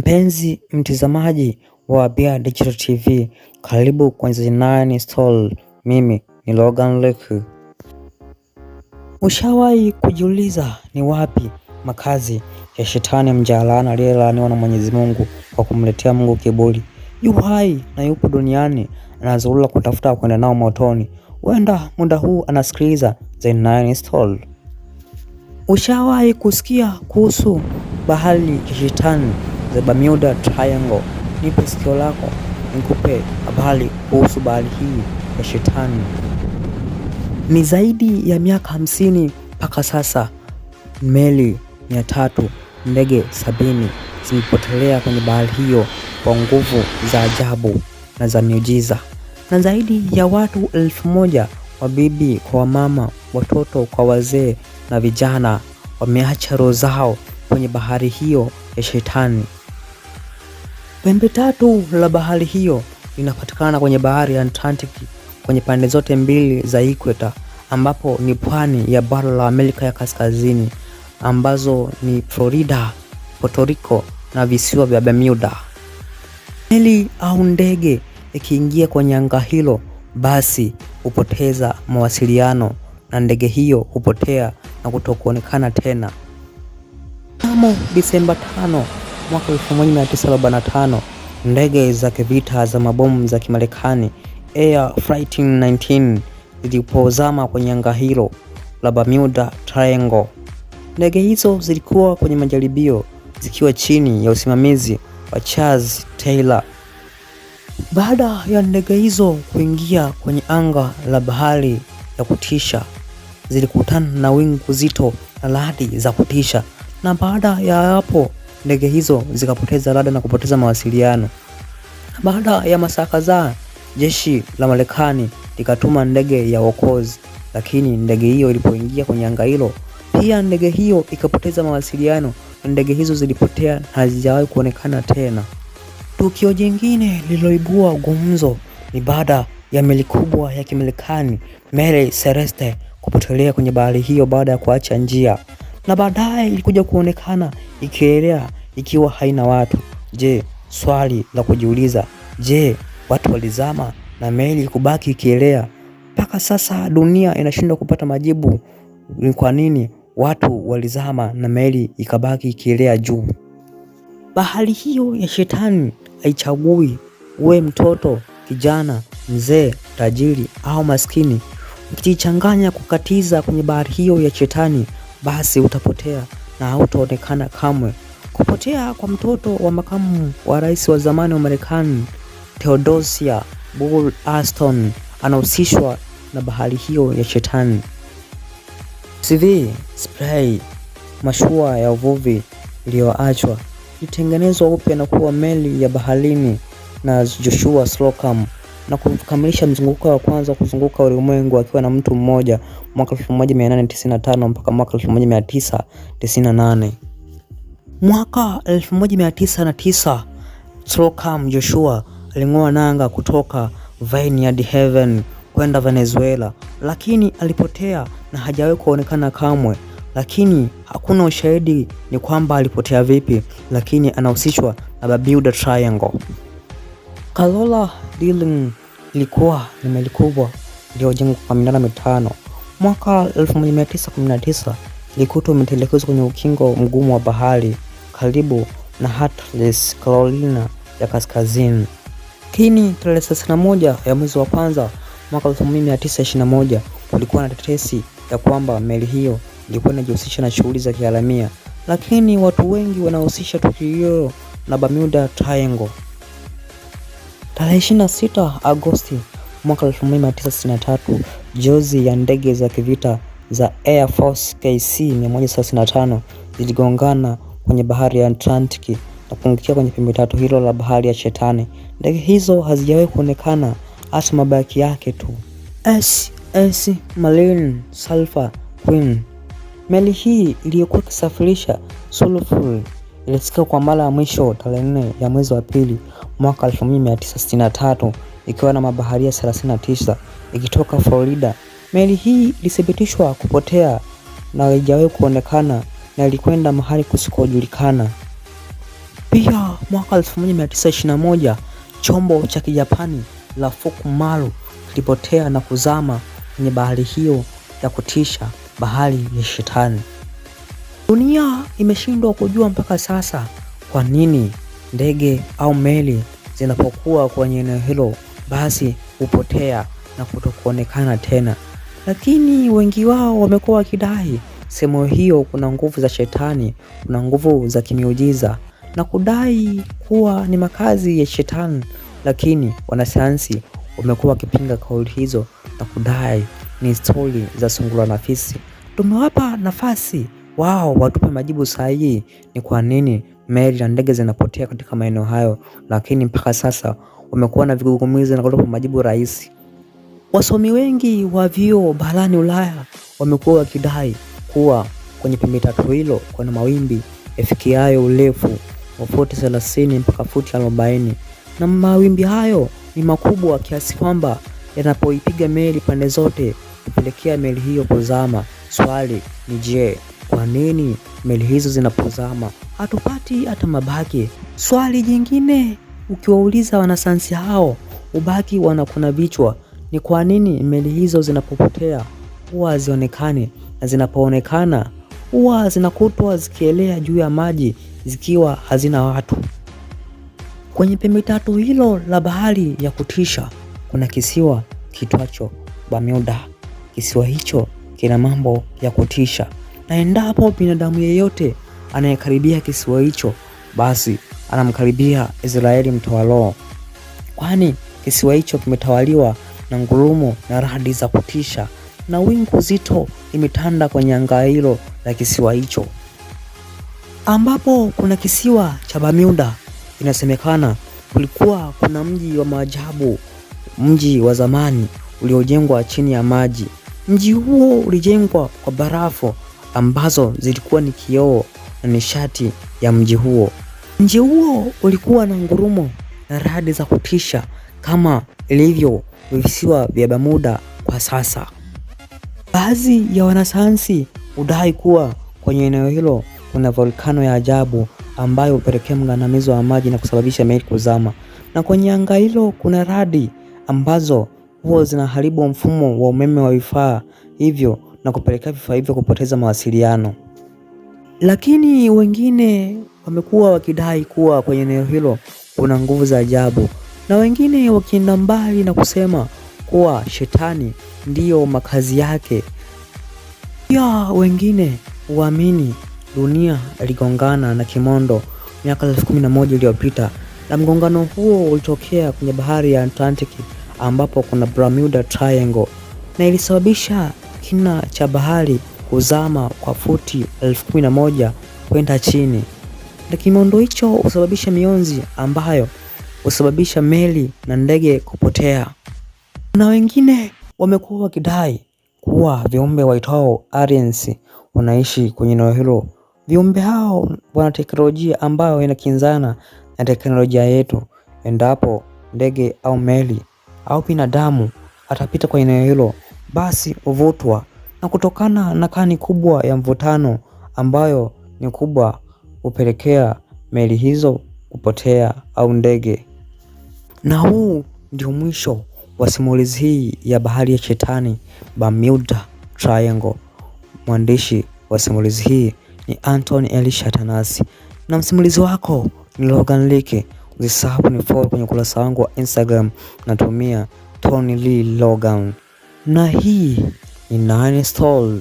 Mpenzi mtizamaji wa Bia Digital TV, karibu kwenye Zilinaini Stall. Mimi ni Logan Lake. Ushawahi kujiuliza ni wapi makazi ya shetani mjalana aliyelaaniwa na Mwenyezi Mungu kwa kumletea Mungu kiburi? Yu hai na yupo duniani, anazurula kutafuta kwenda nao motoni. Huenda muda huu anasikiliza Nine Stall. Ushawahi kusikia kuhusu bahari ya shetani the Bermuda Triangle. Nipe sikio lako nikupe habari kuhusu bahari hii ya shetani. Ni zaidi ya miaka hamsini mpaka sasa, meli mia tatu, ndege sabini zimepotelea kwenye bahari hiyo kwa nguvu za ajabu na za miujiza, na zaidi ya watu elfu moja wabibi kwa wamama, watoto kwa wazee na vijana wameacha roho zao kwenye bahari hiyo ya shetani. Pembe tatu la bahari hiyo linapatikana kwenye bahari ya Atlantic kwenye pande zote mbili za ikweta, ambapo ni pwani ya bara la Amerika ya Kaskazini ambazo ni Florida, Puerto Rico na visiwa vya Bermuda. Meli au ndege ikiingia kwenye anga hilo, basi hupoteza mawasiliano na ndege hiyo hupotea na kutokuonekana tena. Mnamo Disemba tano Mwaka 1945 ndege za kivita za mabomu za Kimarekani Air Flight 19 zilipozama kwenye anga hilo la Bermuda Triangle. Ndege hizo zilikuwa kwenye majaribio zikiwa chini ya usimamizi wa Charles Taylor. Baada ya ndege hizo kuingia kwenye anga la bahari ya kutisha, zilikutana na wingu zito na radi za kutisha, na baada ya hapo ndege hizo zikapoteza rada na kupoteza mawasiliano. Baada ya masaa kadhaa, jeshi la Marekani likatuma ndege ya uokozi, lakini ndege hiyo ilipoingia kwenye anga hilo, pia ndege hiyo ikapoteza mawasiliano na ndege hizo zilipotea na hazijawahi kuonekana tena. Tukio jingine lililoibua gumzo ni baada ya meli kubwa ya Kimarekani Mary Celeste kupotelea kwenye bahari hiyo baada ya kuacha njia, na baadaye ilikuja kuonekana ikielea ikiwa haina watu? Je, swali la kujiuliza, je, watu walizama na meli kubaki ikielea? Mpaka sasa dunia inashindwa kupata majibu ni kwa nini watu walizama na meli ikabaki ikielea juu. Bahari hiyo ya shetani haichagui uwe mtoto, kijana, mzee, tajiri au maskini. Ukijichanganya kukatiza kwenye bahari hiyo ya shetani, basi utapotea na hautaonekana kamwe. Kupotea kwa mtoto wa makamu wa rais wa zamani wa Marekani Theodosia Bull aston anahusishwa na bahari hiyo ya Shetani. CV Spray, mashua ya uvuvi iliyoachwa, ilitengenezwa upya na kuwa meli ya baharini na Joshua Slocum na kukamilisha mzunguko wa kwanza kuzunguka ulimwengu akiwa na mtu mmoja mwaka 1895 mpaka mwaka 1998. Mwaka 1999 Slocum Joshua aling'oa nanga kutoka Vineyard Heaven kwenda Venezuela, lakini alipotea na hajawahi kuonekana kamwe, lakini hakuna ushahidi ni kwamba alipotea vipi, lakini anahusishwa na Bermuda Triangle. Kalola Dealing ilikuwa ni meli kubwa iliyojengwa kwa minara mitano. Mwaka 1919 ilikutwa imetelekezwa kwenye ukingo mgumu wa bahari karibu na Heartless, Carolina ya Kaskazini. kini tarehe 31 ya mwezi wa kwanza mwaka 1921. Kulikuwa na tetesi ya kwamba meli hiyo ilikuwa inajihusisha na shughuli za kiharamia, lakini watu wengi wanahusisha tukio hilo na Bermuda Triangle. Tarehe 26 Agosti mwaka 1963, jozi ya ndege za kivita za Air Force KC 135 ziligongana kwenye bahari ya Atlantiki na kuangukia kwenye pembe tatu hilo la bahari ya Shetani. Ndege hizo hazijawahi kuonekana hata mabaki yake tu. SS Marine Sulfur Queen, meli hii iliyokuwa ikisafirisha sulfur ilisikika kwa mara ya mwisho tarehe 4 ya mwezi wa pili mwaka 1963 ikiwa na mabaharia 39 ikitoka Florida. Meli hii ilithibitishwa kupotea na haijawahi kuonekana na ilikwenda mahali kusikojulikana. Pia mwaka 1921 chombo cha Kijapani la Fukumaru kilipotea na kuzama kwenye bahari hiyo ya kutisha, bahari ya Shetani. Dunia imeshindwa kujua mpaka sasa kwa nini ndege au meli zinapokuwa kwenye eneo hilo basi hupotea na kutokuonekana tena, lakini wengi wao wamekuwa wakidai sehemu hiyo kuna nguvu za shetani, kuna nguvu za kimiujiza na kudai kuwa ni makazi ya shetani, lakini wanasayansi wamekuwa wakipinga kauli hizo na kudai ni stori za sungura na fisi. Tumewapa nafasi wao watupe majibu sahihi, ni kwa nini meli na ndege zinapotea katika maeneo hayo, lakini mpaka sasa wamekuwa na vigugumizi na kutupa majibu rahisi. Wasomi wengi wa vyuo barani Ulaya wamekuwa wakidai kuwa kwenye pembe tatu hilo kuna mawimbi yafikiayo urefu wa futi 30 mpaka futi 40, na mawimbi hayo ni makubwa kiasi kwamba yanapoipiga meli pande zote kupelekea meli hiyo kuzama. Swali ni je, kwa nini meli hizo zinapozama hatupati hata mabaki? Swali jingine ukiwauliza wanasayansi hao ubaki wanakuna vichwa, ni kwa nini meli hizo zinapopotea huwa hazionekani? na zinapoonekana huwa zinakutwa zikielea juu ya maji zikiwa hazina watu. Kwenye pembe tatu hilo la bahari ya kutisha kuna kisiwa kitwacho Bermuda. Kisiwa hicho kina mambo ya kutisha, na endapo binadamu yeyote anayekaribia kisiwa hicho, basi anamkaribia Israeli mtoa roho, kwani kisiwa hicho kimetawaliwa na ngurumo na radi za kutisha na wingu zito imetanda kwenye anga hilo la kisiwa hicho, ambapo kuna kisiwa cha Bermuda. Inasemekana kulikuwa kuna mji wa maajabu, mji wa zamani uliojengwa chini ya maji. Mji huo ulijengwa kwa barafu ambazo zilikuwa ni kioo na nishati ya mji huo. Mji huo ulikuwa na ngurumo na radi za kutisha kama ilivyo visiwa vya Bermuda kwa sasa. Baadhi ya wanasayansi hudai kuwa kwenye eneo hilo kuna volkano ya ajabu ambayo hupelekea mgandamizo wa maji na kusababisha meli kuzama, na kwenye anga hilo kuna radi ambazo huwa zinaharibu mfumo wa umeme wa vifaa hivyo na kupelekea vifaa hivyo kupoteza mawasiliano. Lakini wengine wamekuwa wakidai kuwa kwenye eneo hilo kuna nguvu za ajabu, na wengine wakienda mbali na kusema kuwa shetani ndiyo makazi yake. Pia wengine huamini dunia iligongana na kimondo miaka elfu kumi na moja iliyopita na mgongano huo ulitokea kwenye bahari ya Atlantic ambapo kuna Bermuda Triangle na ilisababisha kina cha bahari kuzama kwa futi elfu kumi na moja kwenda chini, na kimondo hicho husababisha mionzi ambayo husababisha meli na ndege kupotea. Na wengine wamekuwa wakidai kuwa viumbe waitwao aliens wanaishi kwenye eneo hilo. Viumbe hao wana teknolojia ambayo inakinzana na teknolojia yetu. Endapo ndege au meli au binadamu atapita kwenye eneo hilo, basi huvutwa, na kutokana na kani kubwa ya mvutano ambayo ni kubwa, hupelekea meli hizo kupotea au ndege. Na huu ndio mwisho wa simulizi hii ya Bahari ya Shetani, Bermuda Triangle. Mwandishi wa simulizi hii ni Anton Elisha Tanasi na msimulizi wako ni Logan like Usisahau follow kwenye ukurasa wangu wa Instagram, natumia Tony Lee Logan, na hii ni Nine Story.